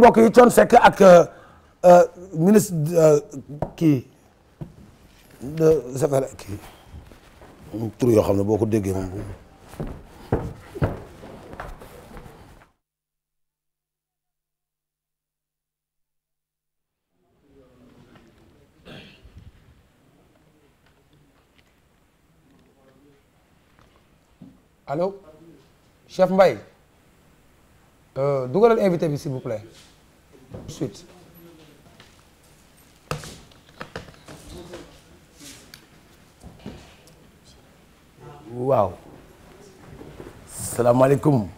mbokk yi Thione Seck ak euh, euh, ministre euh, kii de safara yoo xam ne boo ko déggee moom allo chef Mbaye dugalal invité bi s'il vous Ensuite, waaw salaamaaleykum.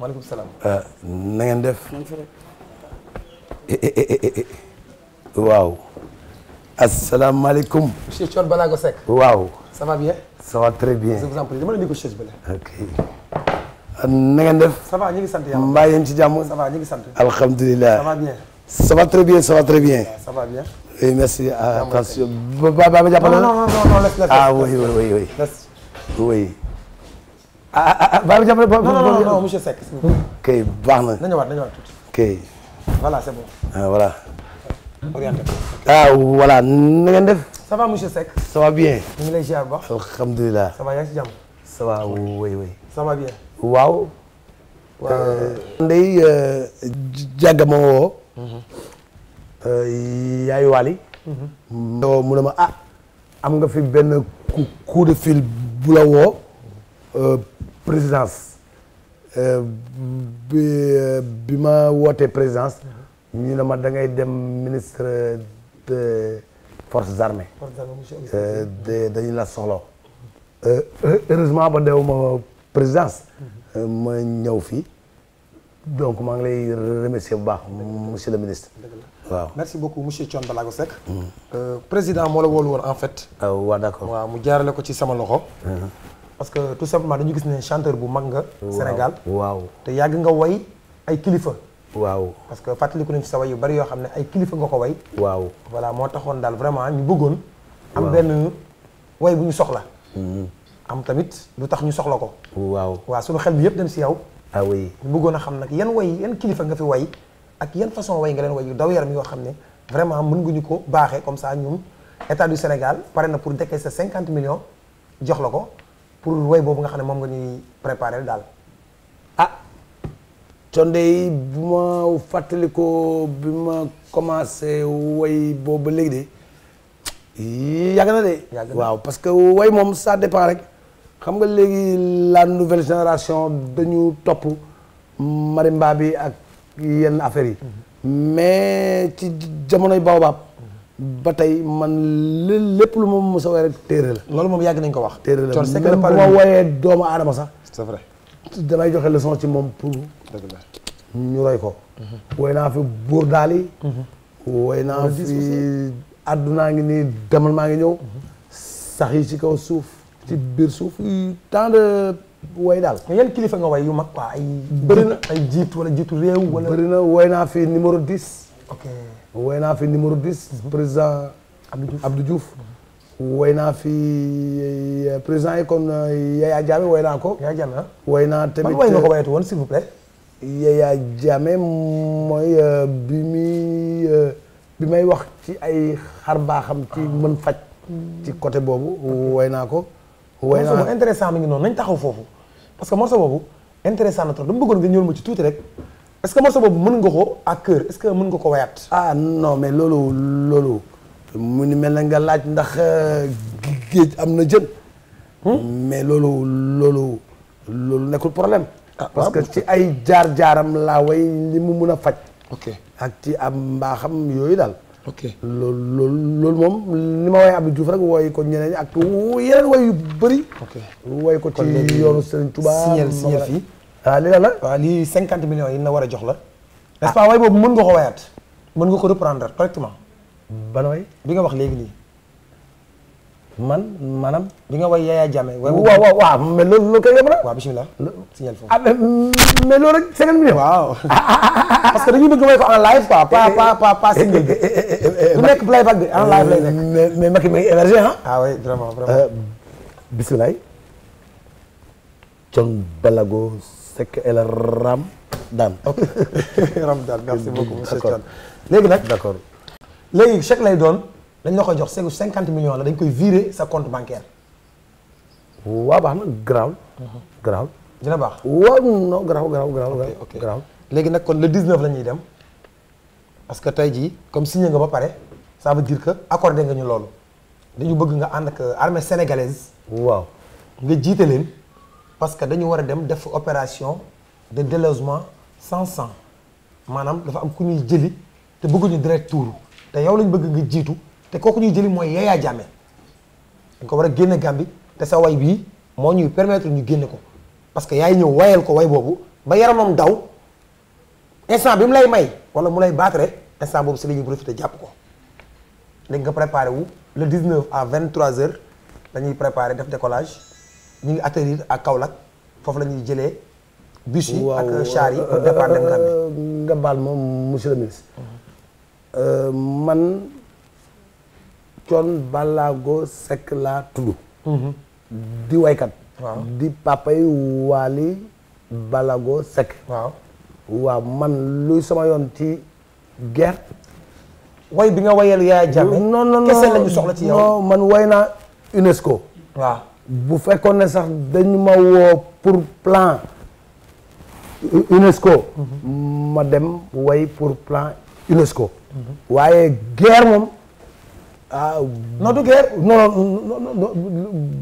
maaleykum salaam. Euh, na def. Eh, eh, eh, waaw. asalaamaaleykum. monsieur Thione Ballago Seck. waaw. ça va bien. ça va très bien. je vous en prie dama la nuyu ko na ngeen def. ça ñu ngi sant mbaa yéen ci jàmm. ça va ñu ngi sant. alhamdulilah ça va bien. ça va très bien ça bien. ça va bien. oui merci ah, attention. ba ba ba jàpp na. non non non laisse laisse. ah oui oui oui oui. laisse. oui. ah, ah, ah ba ba jàpp na. non non monsieur Seck. baax na. na ñëwaat na ñëwaat tuuti. kay. voilà def. ça va monsieur Seck. ça va bien. ñu ngi lay waaw. Euh, euh, ndey euh, jàgga ma woo. Mhm. yaay Waly. Mhm. woo mu ne ah am nga fi benn coup de fil bu la woo présidence bi ma wootee présidence mhm. ñu ne ma da ngay dem ministre de forces armées. forces dañu la soxla. heureusement ba dew ma. présidence. ma ñëw fii donc maa ngi lay remercier bu baax monsieur le ministre. waaw merci beaucoup monsieur Thione Ballago Seck. Euh, président moo la woolu woon en fait. Ah, waaw d' accord waaw mu jaarale ko ci sama loxo. Uh-huh. parce que tout simplement dañu gis ne chanteur bu mag nga. Sénégal waaw te yàgg nga way ay kilifa. waaw parce que fàttaliku nañu ci sa way yu bari yoo xam ne ay kilifa nga ko way. waaw voilà moo taxoon daal vraiment ñu bëggoon. am benn woy bu ñu soxla. Mm-hmm. am tamit lu tax ñu soxla ko. waaw waaw suñu xel bi yëpp dem si yow. ah ñu bëggoon a xam nag yan way yan kilifa nga fi way ak yan façon way nga leen way yu daw yaram yoo xam ne vraiment mën nga ñu ko baaxee comme ça ñun état du Sénégal pare na pour sa cinquante millions jox la ko pour way boobu nga xam ne moom nga ñuy préparer daal. ah tondey bu ma fàttali ko bi ma commencé way boobu ba léegi de yàgg na de. yàgg na waaw parce que way moom ça dépend rek. xam nga léegi la nouvelle génération dañu topp mbaa bi ak yenn affaires yi mhm. mais ci jamonoy baobab ba tey man lépp lu moom mos a woy rek téere la loolu moom yàgg nañ ko wax téere la même bu ma woyee doomu aadama sax c'est vrai damay joxe leçon ci moom pour ñu roy ko mhm. woy naa fi buur daal yi mhm. woy naa fi àddunaa ngi nii demal maa ngi ñëw sax yi ci kaw suuf ci biir suuf tant de way daal. mais yan kilifa nga way yu mag quoi ay. bëri na ay jiit wala jiitu réew. wala bëri na way naa fi numéro 10. ok way naa fi numéro 10. Mhm. président Abdou Diouf. Mhm. way naa fi euh, président yi kon euh, Yaya Jammeh way naa ko. Yaya Jammeh ah. way naa tamit man way nga euh, ko wayatu woon s'il vous plaît. Yaya Jammeh mooy bi muy bi may wax ci ay xar baaxam ci ah. mën faj. ci côté boobu way naa ko. waaye morceau intéressant mi ngi noonu nañ taxaw foofu parce que morceau boobu intéressant na trop dama bëggoon nga ñëwal ma ci tuuti rek est-ce que morceau boobu mën nga ko ak cœur est-ce que mën nga ko wayaat ah no mais loolu loolu mu mel na nga laaj ndax euh, géej am na jën hmm? mais loolu loolu loolu nekkul problème ah, parce que ci ay jaar-jaaram laa way li mu mun a faj ok ak ci am mbaaxam yooyu daal ok loolu loolu loolu moom li ma woowee Abdou Diouf rek wooy ko ñeneen ñi ak yeneen woy yu bëri. ok wooy ko ci yoonu Serigne Touba. signal signal fii. waaw ah, lii la la waaw lii cinquante millions yi na war a jox la. n'est-ce ah. pas boobu mën nga ko wayaat mën nga ko reprendre correctement. ban way bi nga wax léegi nii. man maanaam di nga way Yaya Jammeh. waaw waaw waaw mais waaw bisimilah. signal foofu ah mais mais loolu rek cinquante waaw parce que dañuy bëgg way ko en live quoi. pas pas pas pas eh, eh, single eh, lay nekk. Euh, mais mais Macky mi ngi émergé ah. ah oui vraiment vraiment. Euh, bisimilah. Thione Ballago Seck El Ram Daan. ok Ram Daan merci beaucoup monsieur Thione. léegi nag d'accord dañ la koy jox seegu cinquante millions la dañ koy virer sa compte bancaire. waa baax na garaaw. garaaw dina baax. waaw non garaaw garaaw garaaw. ok léegi nag kon le 19 la ñuy dem parce que tey jii comme signé nga ba pare ça veut dire accordé nga ñu loolu dañu bëgg nga ànd ak armée sénégalaise. waaw nga jiite leen parce que dañu war a dem def opération de délogement sans cent maanaam dafa am ku ñuy jëli te bëgguñu direct tuuru te yow lañ bëgg nga jiitu. te kooku ñuy jëli mooy Yaya Jammeh dañ ko war a génne Gàmbi te sa way bii moo ñuy permettre ñu génn ko parce que yaay ñëw wayal ko way boobu ba yaramam daw instant bi mu lay may wala mu lay battre instant boobu si la ñuy profité jàpp ko léegi nga préparé wu le 19 à 23 heures dañuy préparé def décollage ñu ngi atterrir à Kaolack foofu la ñuy jëlee bus yi ak char euh, pour départ dem euh, Gàmbi euh, nga baal moom monsieur le ministre man Thione Ballago Seck laa tudd. Mhm. di waykat. di papay Waly Ballago Seck. waaw man luy sama yoon ci guerre. way bi nga wayal yaay jàmme. non non non kese lañu man way naa UNESCO. waaw bu fekkoon ne sax dañu ma woo pour plan UNESCO. Mhm. ma dem way pour plan UNESCO. Mhm. waaye guerre moom. ah non du guerre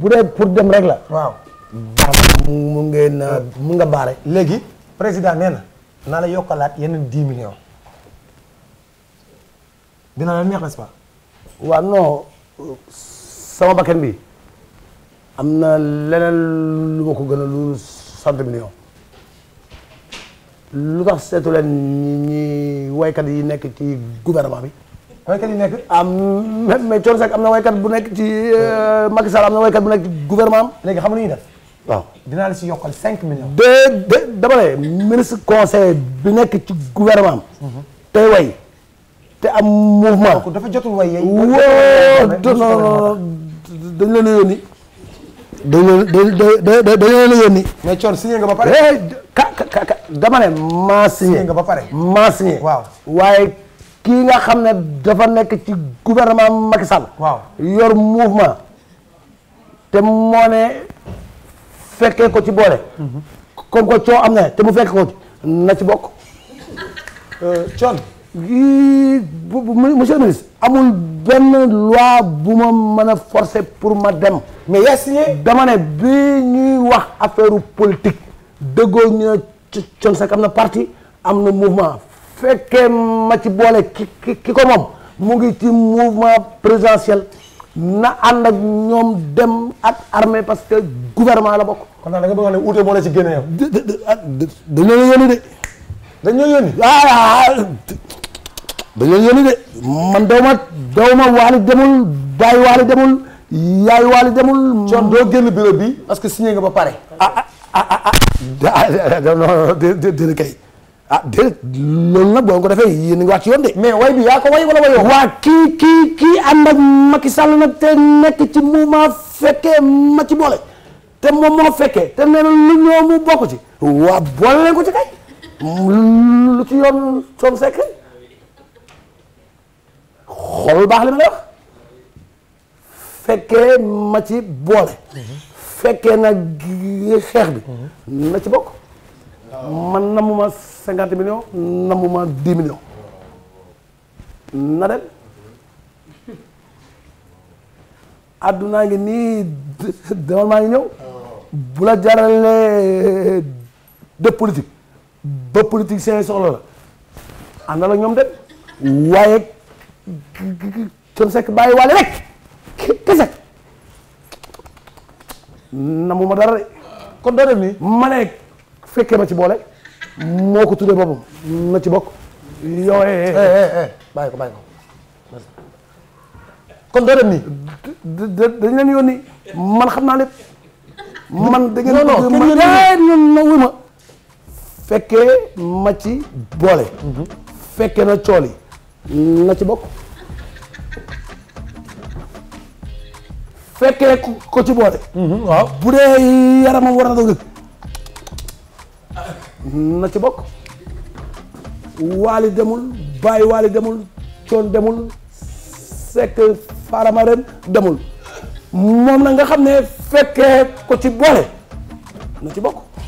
bu dee pour dem rek la. waaw. baax mu ngeen euh, euh, mu nga baare. léegi président nee naa la yokkalaat yeneen dix millions. dina la neex n'est-ce pas. waaw sama bakkan bi am na leneen lu ma ko gën a lu cent millions. lu tax seetu leen ñi ñi waykat yi nekk ci gouvernement bi. waykat yi nekk. am mais Thione Seck am na waykat bu nekk ci euh, Macky Sall am na waykat bu nekk ci gouvernement am. léegi xam nga ñuy def. waaw dinaa si yokkal cinq millions. de de dama ne ministre conseil bi nekk ci gouvernement am. Mhm. tey way te am mouvement. dafa jotul way yeeg. wóo dañ leen a yónni. leen da da dañ leen a yónni. nga ba pare. Eh, ka ka ka dama nga ba pare maa signé. waaw kii nga xam ne dafa nekk ci gouvernement Macky Sall. waaw yor mouvement. te moo ne fekkee ko ci boole. comme mhm. que coow am na te mu fekk ko ci na ci bokk. Euh, Thione. monsieur le ministre amul benn loi bu ma mën a forcer pour ma dem. mais yaa signé. dama ne bi ñuy wax affaire politique dëggoo ñu ne Thione Seck am na parti am na mouvement. fekkee ma ci boole ki ki ko moom mu ngi ci mouvement présidentiel na ànd ak ñoom dem ak armée parce que gouvernement la bokk. kon nag da nga bëgg a ne uute moo la ci génne yow. de de ah de dañu leen yónni de. dañu leen yónni. ah, ah, ah dañu leen yónni de man daw ma daw ma waali demul baay waali demul yaay waali demul. coon doo génn bureau bi parce que signé nga ba pare. ah ah ah ah. ah, ah non non déedéet kay. ah déedéet loolu nag boo ko defee yéen a ngi wax ci yoon mais way bi yaa ko way wala wayoo. waa kii kii kii ànd ak Macky Sall nag te nekk ci ma fekkee ma ci boole te moom moo fekkee te nee na lu ñoo mu bokku ci. waa boole leen ko ci kay lu ci yoon soom sekk xool baax li ma lay wax fekkee ma ci boole mhm. fekkee nag xeex bi mhm. na ci bokk. man namuma cinquante millions namuma dix millions na dem addunaa ngi nii demal maa ngi ñëw bu la jaralee de politique ba politique seen soxla la àndal ak ñoom dem waaye com sekk bàyyi wàlle rek kese namuma dara de kon nii ma ne fekkee ma ci boole moo ko tuddee boppam na ci bokk. yow eh eh, eh. eh, eh kon doo dem nii. dañ leen yónni man xam naa lépp. man da ngeen non non kenn yónni ma fekkee ma ci boole. Mhm. fekkee na cool yi na ci bokk. fekkee ko ci boole. Mhm, waaw yaram dee yaramam war na na ci bokk waali demul bàyyi waali demul coon demul sekk faramaren demul moom na nga xam ne fekkee ko ci boole na ci bokk